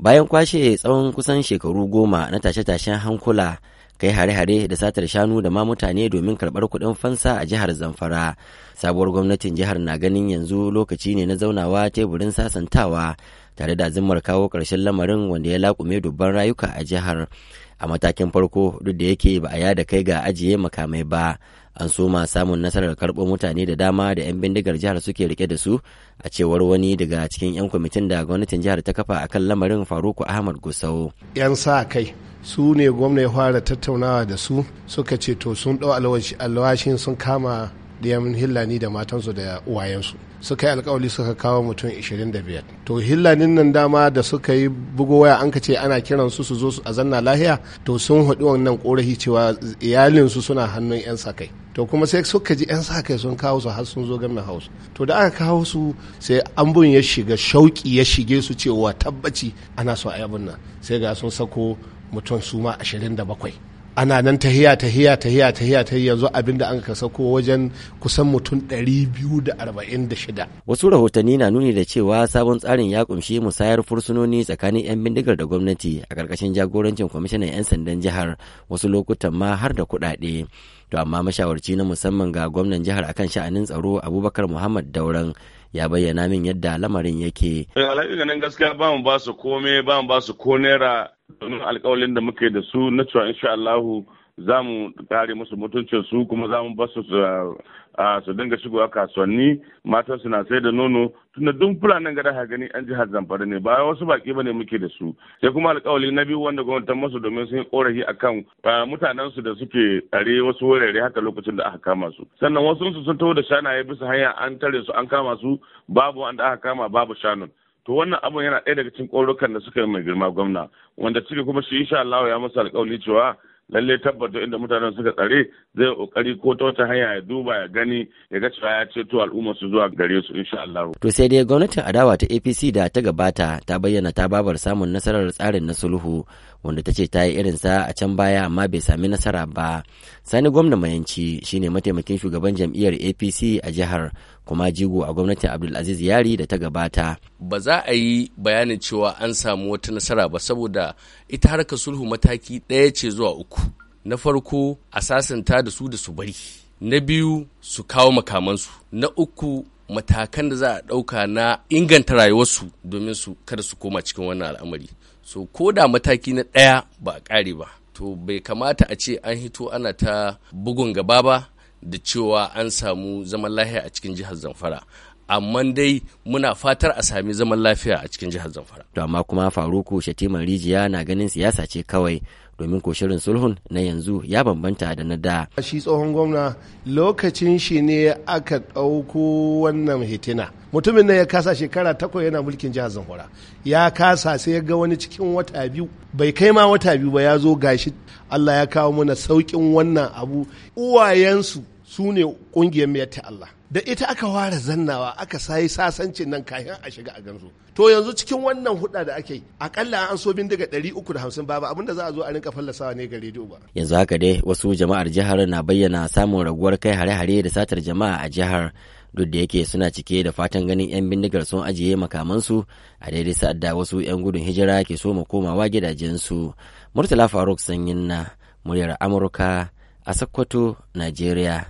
bayan kwashe tsawon kusan shekaru goma na tashe-tashen hankula kai hare-hare da satar shanu da ma mutane domin karɓar kuɗin fansa a jihar zamfara sabuwar gwamnatin jihar na ganin yanzu lokaci ne na zaunawa teburin sasantawa tare da zimmar kawo ƙarshen lamarin wanda ya laƙume dubban rayuka a jihar a matakin farko duk da yake ba a yada kai ga ajiye makamai ba an soma samun nasarar karɓo mutane da dama da 'yan bindigar jihar suke rike da su a cewar wani daga cikin 'yan kwamitin da gwamnatin jihar ta kafa akan lamarin faruku ahmad gusau 'yan sa kai su ne gwamna ya fara tattaunawa da su suka ce to sun ɗau alwashin sun kama ɗiyan hillani da matansu da uwayensu suka yi alkawali suka kawo mutum 25 to hillanin nan dama da suka yi bugo waya an ka ce ana kiran su su zo su a zanna lahiya to sun haɗu wannan korafi cewa iyalinsu suna hannun 'yan sakai to kuma sai suka ji 'yan sakai sun kawo su har sun zo gamin house to da aka kawo su sai ambun ya shiga shauki ya shige su cewa tabbaci ana so a yi abin nan sai ga sun sako mutum su ma 27 ana nan tahiya tahiya tahiya tahiya ta yanzu abin da an ka sako wajen kusan mutum 246 wasu rahotanni na nuni da cewa sabon tsarin ya kunshi musayar fursunoni tsakanin 'yan bindigar da gwamnati a karkashin jagorancin kwamishinan 'yan sandan jihar wasu lokutan ma har da kuɗaɗe to amma mashawarci na musamman ga gwamnan jihar akan sha'anin tsaro abubakar muhammad dauran ya bayyana min yadda lamarin yake. ganin eh, gaskiya ba mu ba su kome ba mu ba su ko naira domin alkawalin da muka da su na cewa insha Allahu za mu kare musu mutuncin su kuma za mu basu su dinga shigowa kasuwanni matan su na sai da nono tunda duk fulanin gada ha gani an jihar zamfara ne ba wasu baki bane muke da su sai kuma alkawali na biyu wanda gwamnatin masu domin sun yi korafi akan mutanen su da suke tsare wasu wurare haka lokacin da aka kama su sannan wasu sun taho da shanaye bisa hanya an tare su an kama su babu wanda aka kama babu shanun to wannan abun yana ɗaya daga cikin ƙorukan da suka yi mai girma gwamna wanda ciki kuma shi insha Allah ya masa alƙawari cewa lalle tabbata inda mutanen suka tsare zai ƙoƙari ko ta wata hanya ya duba ya gani ya ga cewa ya ceto al'umma su zuwa gare su insha Allah. To sai dai gwamnatin adawa ta APC da ta gabata ta bayyana ta babar samun nasarar tsarin na sulhu wanda ta ce ta yi irin sa a can baya amma bai sami nasara ba. Sani gwamna mayanci shine mataimakin shugaban jam'iyyar APC a jihar kuma jigo a gwamnatin abdulaziz yari da ta gabata ba za a yi bayanin cewa an samu wata nasara ba saboda ita harkar sulhu mataki ɗaya ce zuwa uku na farko a sasanta da su da su bari na biyu su kawo makamansu na uku matakan da za a ɗauka na inganta rayuwarsu domin su kada su koma cikin wannan al'amari so ko da mataki na ɗaya ba a ƙare ba to bai kamata a ce an hito ana ta bugun gaba ba da cewa an samu zaman lafiya a cikin jihar zamfara amma dai muna fatar a sami zaman lafiya a cikin jihar zamfara to amma kuma faruku shatima rijiya na ganin siyasa ce kawai domin koshirin sulhun na yanzu ya bambanta da na da shi tsohon gwamna lokacin shi ne aka ɗauko wannan hitina mutumin nan ya kasa shekara takwai yana mulkin jihar zamfara ya kasa sai ya ga wani cikin wata biyu bai kai ma wata biyu ba ya zo gashi allah ya kawo mana sauƙin wannan abu uwayensu su ne ƙungiyar mayar ta allah da ita aka ware zannawa aka sayi sasancin nan kayan a shiga a ganzo to yanzu cikin wannan hudda da ake akalla an so bin daga 350 babu abinda za a zo a rinka fallasawa ne ga rediyo ba yanzu haka dai wasu jama'ar jihar na bayyana samun raguwar kai hare-hare da satar jama'a a jihar duk da yake suna cike da fatan ganin 'yan bindigar sun ajiye makamansu a daidai sa'ad da wasu 'yan gudun hijira ke so komawa gidajensu murtala faruk sanyin na muryar amurka a sokoto nigeria.